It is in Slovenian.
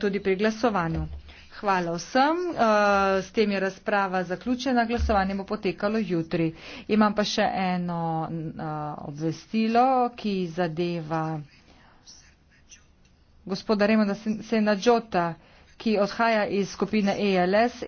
tudi pri glasovanju. Hvala vsem. Eh, s tem je razprava zaključena. Glasovanje bo potekalo jutri. Imam pa še eno eh, obvestilo, ki zadeva gospoda Remona Senadžota, ki odhaja iz skupine ELS.